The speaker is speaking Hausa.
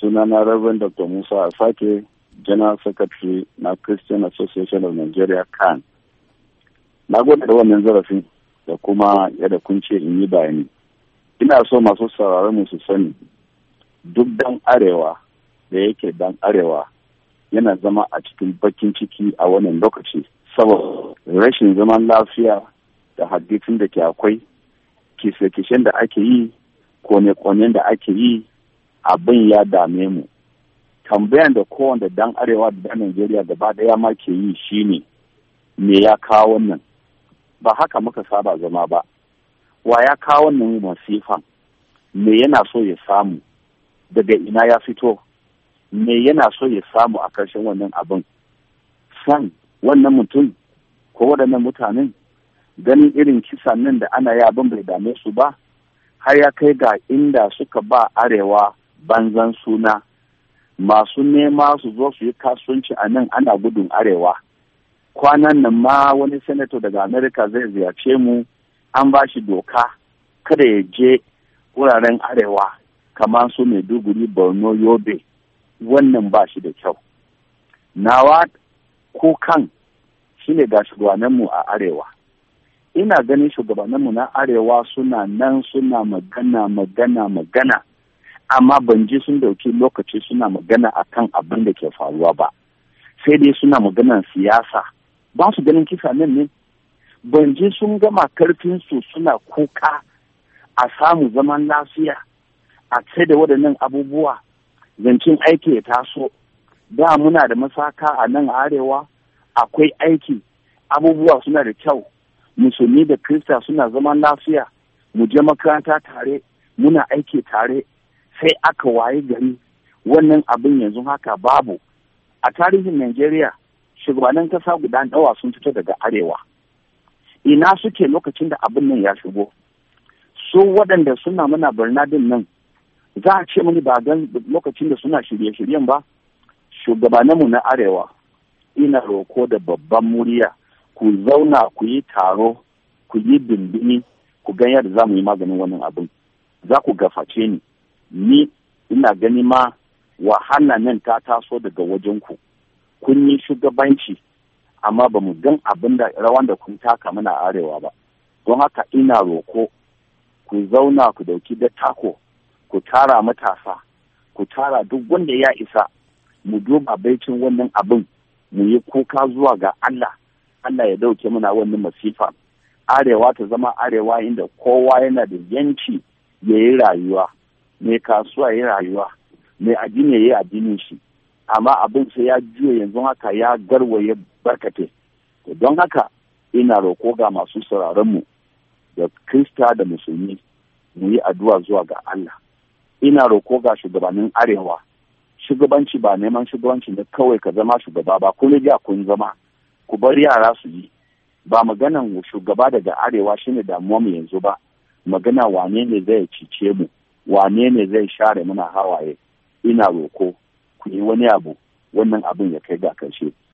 Suna na Reverend Dr. Musa Asake, General Secretary na Christian Association of Nigeria CAN. Na gode da wannan zarafin da kuma yadda kun ce in yi bayani. Ina so masu sauraron mu su sani duk dan arewa da yake dan arewa yana zama a cikin bakin ciki a wannan lokaci saboda rashin zaman lafiya da hadisin da ke akwai kise-kishen da ake yi kone-konen da ake yi abin ya dame mu tambayan da kowanne dan arewa da dan najeriya gaba daya ma ke yi shine me ya kawo wannan ba haka muka saba zama ba wa ya kawo wannan masifan me yana so ya samu daga ina ya fito me yana so ya samu a ƙarshen wannan abin san wannan mutum ko waɗannan mutanen ganin irin kisan nan da ana yi abin bai dame su ba har ya kai ga inda suka ba arewa banzan suna masu nema su zo su yi kasuwanci a nan ana gudun arewa kwanan nan ma wani senator daga america zai ziyarce mu an ba shi doka kada ya je wuraren arewa kamar su maiduguri borno yobe wannan ba shi da kyau nawa kukan shi ne ga shugabanninmu a arewa ina ganin shugabanninmu na arewa suna nan suna magana magana magana amma ban ji sun dauki lokaci suna magana a kan abin da ke faruwa ba sai dai suna maganan siyasa ba su ganin kisa nan ne ban ji sun gama karfinsu suna kuka a samu zaman lafiya a sai da waɗannan abubuwa zancen aiki ya taso da muna da masaka a nan arewa akwai aiki abubuwa suna da kyau musulmi da krista suna zaman lafiya mu je makaranta tare muna aiki tare sai aka waye gari wannan abin yanzu haka babu a tarihin Najeriya shugabannin kasa guda nawa sun fito daga arewa ina suke lokacin da abin nan ya shigo su waɗanda suna mana barna din nan za a ce mani ba gan lokacin da suna shirye-shiryen ba Shugabanninmu na arewa ina roko da babban murya ku zauna ku yi taro ku yi bindini ku gan yadda za mu yi maganin wannan abin za ku gaface ni ni ina gani ma wahala nan ta taso daga wajen ku kun yi shugabanci amma ba mu gan abin da rawan da kun taka mana arewa ba don haka ina roko ku zauna ku dauki da tako ku tara matasa ku tara duk wanda ya isa mu duba baicin wannan abin mu yi kuka zuwa ga Allah Allah ya dauke mana wannan masifa arewa ta zama arewa inda kowa yana da yanci ya yi rayuwa mai kasuwa ya rayuwa mai addini ya yi addinin shi amma abin sai ya juya yanzu haka ya garwaye barkate don haka ina roko ga masu mu da krista da musulmi mu yi addu'a zuwa ga Allah ina roko ga shugabannin arewa shugabanci ba neman shugabanci ne kawai ka zama shugaba ba kuma ja kun zama ku bar yara su yi ba maganan shugaba daga arewa shine damuwa mu yanzu ba magana wane ne zai cice mu wane ne zai share muna hawaye ina roko ku yi wani abu wannan abin ya kai ga karshe